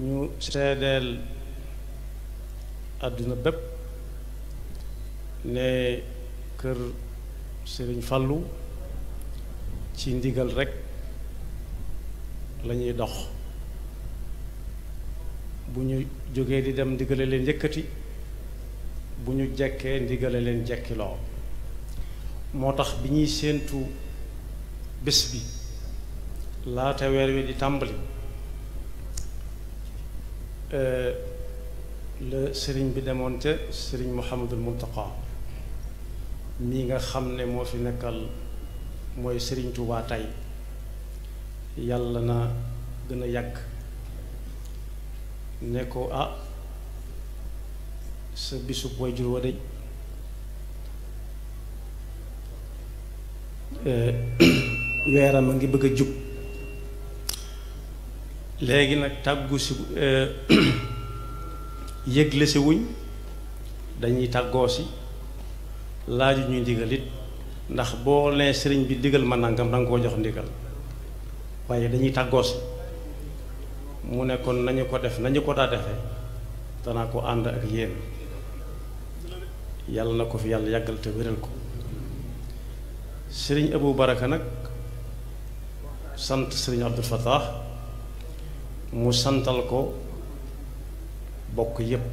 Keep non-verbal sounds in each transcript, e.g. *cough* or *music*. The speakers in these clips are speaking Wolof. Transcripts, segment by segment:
ñu seedeel àdduna bépp ne kër sëriñ Fallu ci ndigal rekk lañuy dox bu ñu jógee di dem ndigale leen yëkkati bu ñu jekkee ndigale leen jekkiloo moo tax bi ñuy séentu bés bi laata weer wi di tàmbali Euh, la sëriñ bi demoon ca sëriñ Mouhamadul Mountakha mi nga xam ne moo fi nekkal mooy sëriñ yàlla na gën a yàgg nekkoo a ah sa bisub wayjur wa day euh, *coughs* weeram a ngi bëgg a jub nak taggu ci euh yëgle si wuñ dañuy taggo ci laaju ñu digalit ndax bo nee sëriñ bi digal man nangam dang ko jox ndigal waye dañuy taggo ci mu ne kon nañu ko def nañu ko daa defee danaa ko and ak yeen yalla nako fi yalla yagal te wëral ko sëriñ Abu Baraka nak sante sëriñ Abdul Fatah mu santal ko bokk yépp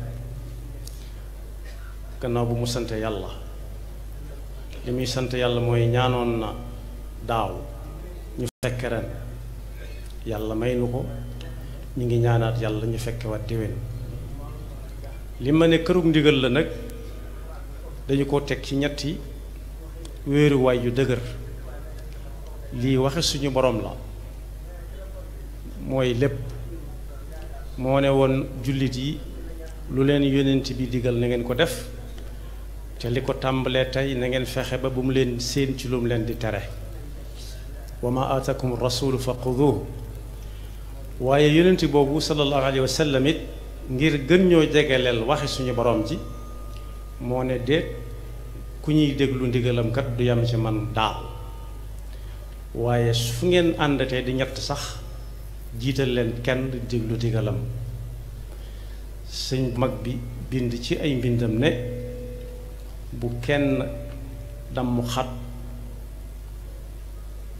gannaaw bu mu sante yàlla li muy sant yàlla mooy ñaanoon na daaw ñu fekke ren yàlla may nu ko ñu ngi ñaanaat yàlla ñu fekke waat déwén li ma ne kërug ndigal la nag dañu ko teg ci ñetti wéeruwaay yu dëgër lii waxe suñu borom la mooy lépp moo ne woon jullit yi lu leen yonent bi digal na ngeen ko def te li ko tàmbalee tey na ngeen fexe ba bu mu leen séen ci lu mu leen di tere wa ma aatakum rasulu fa xuduhu waaye yonent boobu sallallahu alayhi wa sallam it ngir gën ñoo jegeleel waxe suñu boroom ji moo ne déet ku ñuy déglu ndigalam kat du yam ci man daal waaye fu ngeen àndatee di ñett sax jiital leen kenn déglu digalam sëñ mag bi bind ci ay mbindam ne bu kenn damm xat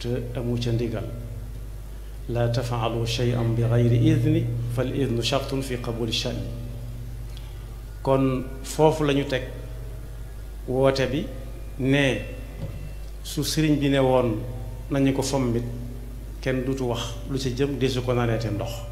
te amu ca ndigal laa tafaalu shay'an bi gayri idni fal idnu fi qabuli shani kon foofu lañu teg woote bi ne su sëriñ bi ne woon nañu ko fommit kenn dutu wax lu ca jëm desu ko nareete ndox